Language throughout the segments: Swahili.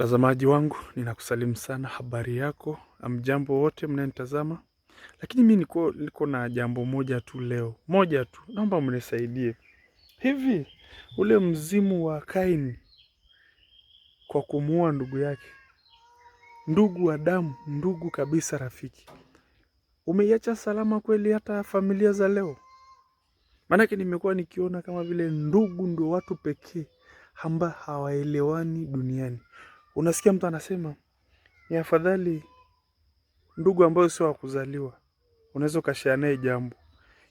Mtazamaji wangu ninakusalimu sana, habari yako, amjambo wote mnanitazama. Lakini mi niko, niko na jambo moja tu leo, moja tu, naomba mnisaidie. Hivi ule mzimu wa Kaini kwa kumuua ndugu yake, ndugu wa damu, ndugu kabisa, rafiki, umeiacha salama kweli hata familia za leo? Maanake nimekuwa nikiona kama vile ndugu ndio watu pekee amba hawaelewani duniani. Unasikia mtu anasema ni afadhali ndugu ambayo sio wa kuzaliwa unaweza ukashare naye jambo.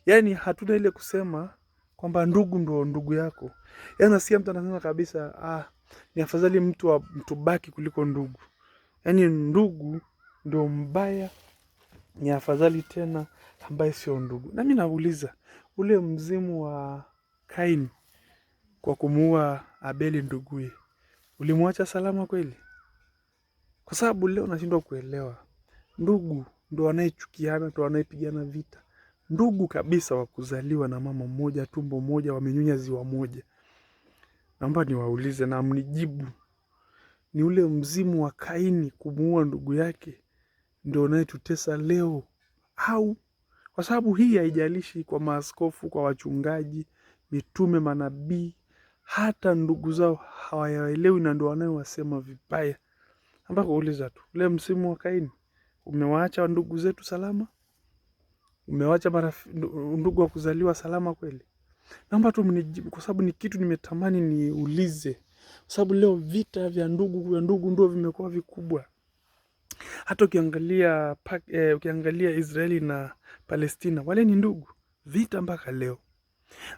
yani hatuna ile kusema kwamba ndugu ndo ndugu yako. Yani unasikia mtu anasema kabisa, ah, ni afadhali mtu wa mtu baki kuliko ndugu. Yaani ndugu ndio mbaya, ni afadhali tena ambaye sio ndugu. Na mimi nauliza ule mzimu wa Kaini kwa kumuua Abeli nduguye Ulimwacha salama kweli? Kwa sababu leo nashindwa kuelewa. Ndugu ndo wanayechukiana, ndo wanayepigana vita, ndugu kabisa wa kuzaliwa na mama mmoja, tumbo moja, wamenyunya ziwa moja. Naomba niwaulize na mnijibu, ni ule mzimu wa Kaini kumuua ndugu yake ndo unayetutesa leo au? Kwa sababu hii haijalishi kwa maaskofu, kwa wachungaji, mitume, manabii hata ndugu zao hawayaelewi na ndo wanayowasema vibaya. ambako kuuliza tu, ule msimu wa Kaini, umewaacha ndugu zetu salama? umewaacha ndugu wa kuzaliwa salama kweli? Naomba tu mnijibu, kwa sababu ni kitu nimetamani niulize, kwa sababu leo vita vya ndugu vya ndugu ndio vimekuwa vikubwa. Hata ukiangalia eh, ukiangalia Israeli na Palestina, wale ni ndugu, vita mpaka leo.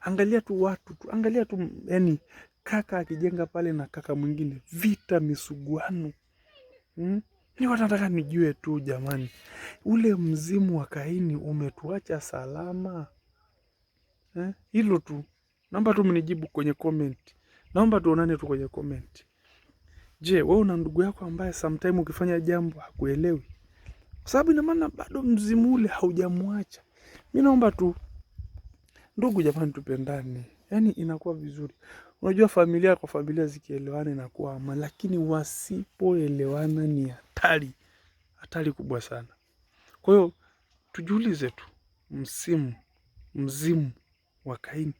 Angalia tu watu tu, angalia tu, yani kaka akijenga pale na kaka mwingine vita, misuguano hmm? Ni watu nataka nijue tu jamani, ule mzimu wa Kaini umetuacha salama eh? Hilo tu naomba tu mnijibu kwenye comment, naomba tuonane tu kwenye comment. Je, we una ndugu yako ambaye sometime ukifanya jambo hakuelewi? Kwa sababu ina maana bado mzimu ule haujamwacha. Mi naomba tu Ndugu jamani, tupendane, yani inakuwa vizuri. Unajua familia kwa familia zikielewana inakuwa ama, lakini wasipoelewana ni hatari, hatari kubwa sana. Kwa hiyo tujiulize tu, msimu mzimu wa Kaini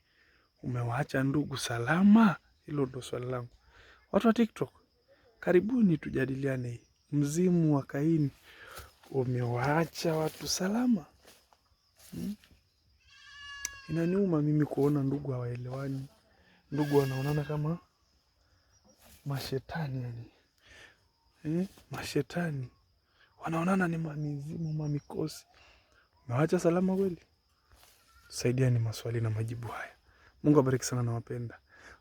umewaacha ndugu salama? Hilo ndo swali langu. Watu wa TikTok, karibuni tujadiliane hii, mzimu wa Kaini umewaacha watu salama hmm? Inaniuma mimi kuona ndugu hawaelewani, ndugu wanaonana kama mashetani yani. Eh, mashetani wanaonana ni mamizimu mamikosi. Mewacha salama kweli? saidia ni maswali na majibu haya. Mungu abariki sana, nawapenda.